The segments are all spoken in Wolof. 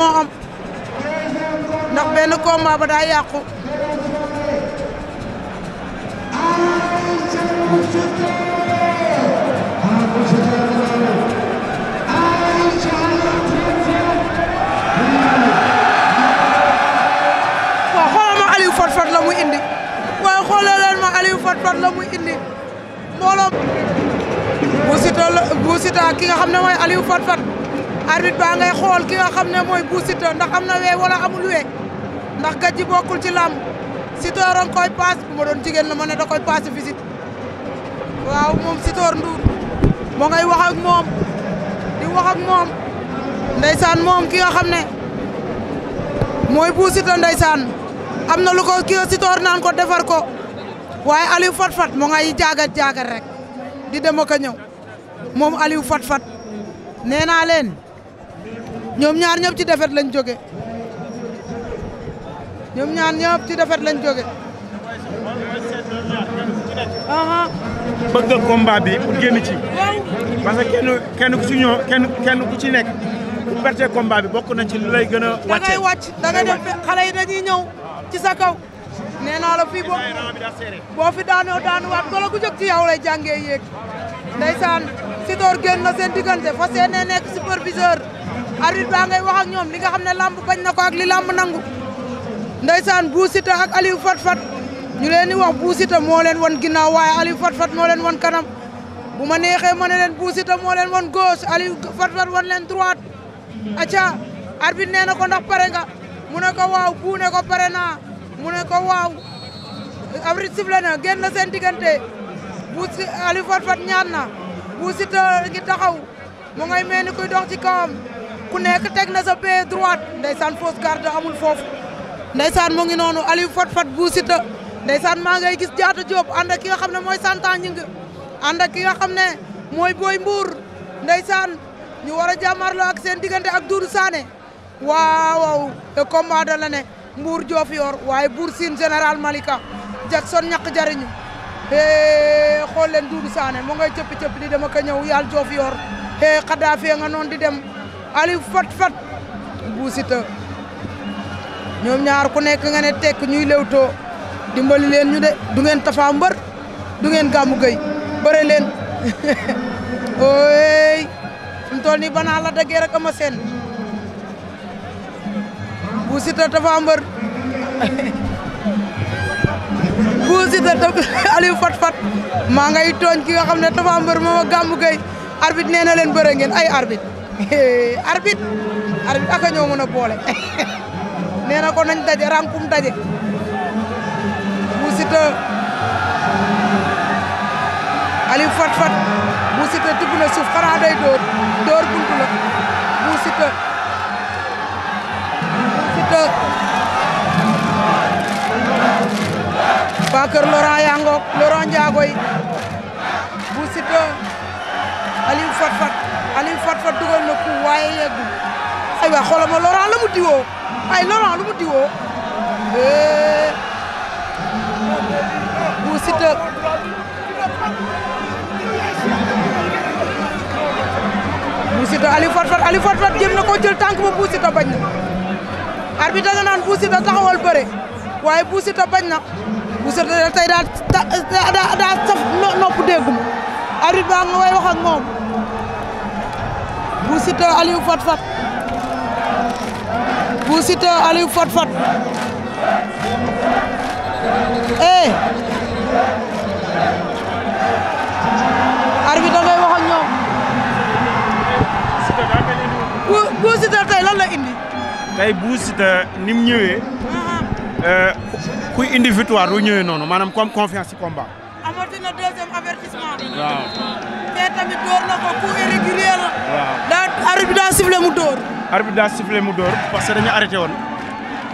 moo am ndax benn ba daa yàqu waaw xoolal Fat Fat la mu indi waaye xoolal leen ma Aliou Fat Fat la muy indi mbooloo bu Siteu bu Siteu ki nga xam ne mooy Aliou Fat Fat arbitre baa ngay xool ki nga xam ne mooy Bou Siteu ndax am na wee wala amul wee ndax gàjji bokkul ci làmb Siteu waroon koy paas bu doon jigéen la ma ne da koy paas visite waaw moom Siteu Ndour mo ngay wax ak moom di wax ak moom ndeysaan moom ki nga xam ne mooy Bou Siteu ndeysaan am na lu ko ki Siteu naan ko defar ko waaye Aliou Fat Fat mo ngay jaagat jaagat rek di dem ak a ñëw moom Aliou Fat Fat nee ñoom ñaar ñëpp ci defet lañ jóge ñoom ñaar ñëpp ci defet lañ jóge aha bëgg combat bi pour génn ci parce que kenn kenn ku ci ñoo kenn kenn ku ci nekk bu perte combat bi bokk na ci lu lay gën a wàcc da ngay dem xale yi dañuy ñëw ci sa kaw nee naa la fii boo boo fi daanoo golo gu ci yow lay jàngee yéeg ndeysaan si door génn na seen diggante fas yéene arbitre baa ngay wax ak ñoom li nga xam ne làmp bañ na ko ak li làmb nangu ndeysaan Bou Siteu ak Aliou Fat Fat ñu leen di wax Bou Siteu moo leen wan ginnaaw waaye Aliou Fat Fat moo leen wan kanam bu ma neexee ma ne leen Bou Siteu moo leen wan gauche Aliou Fat Fat wan leen droite acca arbitre nee na ko ndax pare nga mu ne ko waaw buu ko pare naa mu ne ko waaw arbitre sifflé na génn na seen diggante Bou Aliou Fat Fat ñaan na Bou Siteu ngi taxaw mu ngay mel ni kuy dox ci ku nekk teg na sa pied droite ndeysaan fausse garde amul foofu ndeysaan mu ngi noonu Aliou Fat Fat bu Siteu ndeysaan maa ngay gis Diatta Diop ànd ak ki nga xam ne mooy santan ñi nga ànd ak ki nga xam ne mooy Boy Mbour ndeysaan ñu war a jàmmarloo ak seen diggante ak Doudou Sané waaw le combat de l'année Mbour Diofior waaye Bour Sine général Malika Jackson ñàkk jariñu e xool leen Doudou Sané mu ngay cëppi cëppi di dem ak a ñëw yàlla di dem Aliou fat fat bu ñoom ñaar ku nekk nga ne tekk ñuy lewtoo dimbali leen ñu de du ngeen Tapha Mbeur du ngeen Gamou Gueye bëre leen ooy fi mu toll banaa la daggee rek ama seen bu Siteu Tapha Mbeur bu Siteu ta Aliou fat fat maa ki nga xam ne Tapha Mbeur moom a Gamou Gueye na leen bëre ngeen ay arbitre Eh, arbitre arbitre aka ñoo mën a boole nee ko nañ daje rankum daje Bou Siteu Aliou Fat Fat Bou tibb na suuf xanaa day dóor dóor buntu la Bou Siteu Bou Siteu Bakar Laurent yaa ngoog Fat Fat Xalilu fat fat dugal na ku waaye yeggul ay waa xoolal ma Laurent mu diwoo ay Laurent lu mu diwoo eh, bu Siteu bu Siteu Aliou fat fat Aliou na koo jël tànk ba bu bañ na arbitre da nga naan bu taxawal bëre waaye bu bañ na bu Siteu tey saf nopp dégguma arbitre baa nga way wax bu Siteu Aliou Fat Fat bu Siteu Aliou Fat Fat eh arbitre da ngay wax ak tey lan indi tey bu Siteu ni mu ñëwee ah, ah. Euh, kuy indi victoire du ñëwee noonu maanaam comme confiance ci combat amati na deuxième avertissement. waaw. te tamit la. waaw daa arbitre mu door. arbitre daa sifflé mu parce que dañu arrêté woon.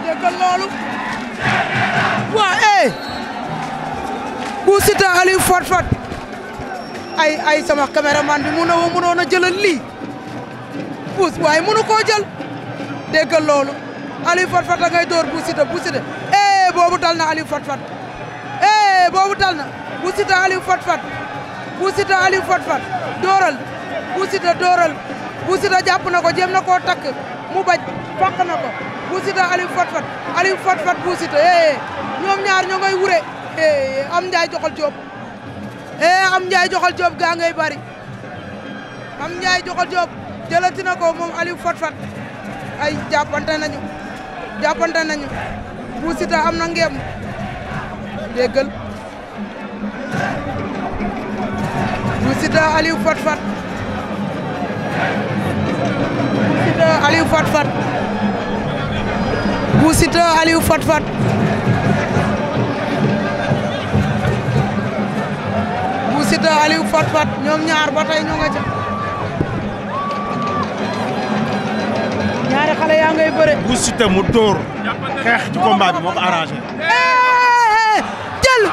dégg nga loolu. waa eh. Bou Siteu Aliou Fat ay ay sama caméraman bi mun na woo munoon a lii. puus waaye mënu koo jël dégg loolu Aliou Fat Fat da door Bou Siteu Bou eh, boobu dal na Aliou Fat eh, boobu dal bu Siteu Aliou Fat Fat bu Siteu Aliou Fat Fat dóoral jàpp na ko jéem na koo takk mu bañ fàq na ko bu Siteu Aliou Fat Fat Aliou Fat Fat bu eh, eh. ñoom ñaar ñoo ngay wure eh, eh am Ndiaye joxal Diop am Ndiaye joxal gaa ngay bari am Ndiaye joxal Diop na ko moom Aliou Fat Fat ay jàppante nañu jàppante nañu bu am na ngeem bu Siteu Aliou Fat Fat bu Siteu Aliou Fat Fat bu Siteu Aliou Fat Fat bu Siteu Aliou ñoom ñaar ba ñoo nga ca ñaari xale yaa ngay bëre bu mu dóor xeex ci combat bi moo ko arrangé eh, jël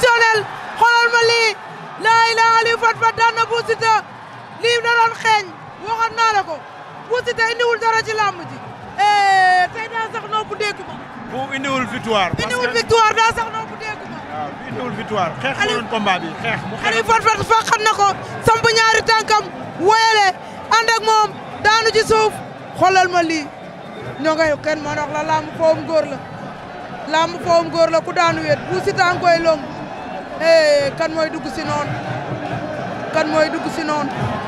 exceptionnel xoolal ma lii laa ilaaha Aliou Fat Fat daan lii da dara ci làmb ji eh, tey daa sax noo bu dégg indiwul victoire. indiwul victoire daa sax noo bu dégg ma. na ko samp ñaari tànkam woyale ànd ak moom daanu ci suuf ma lii ñoo kenn moo wax la làmb foom góor la ku daanu wéet Bou Siteu a kan mooy dugg si kan mooy dugg si noonu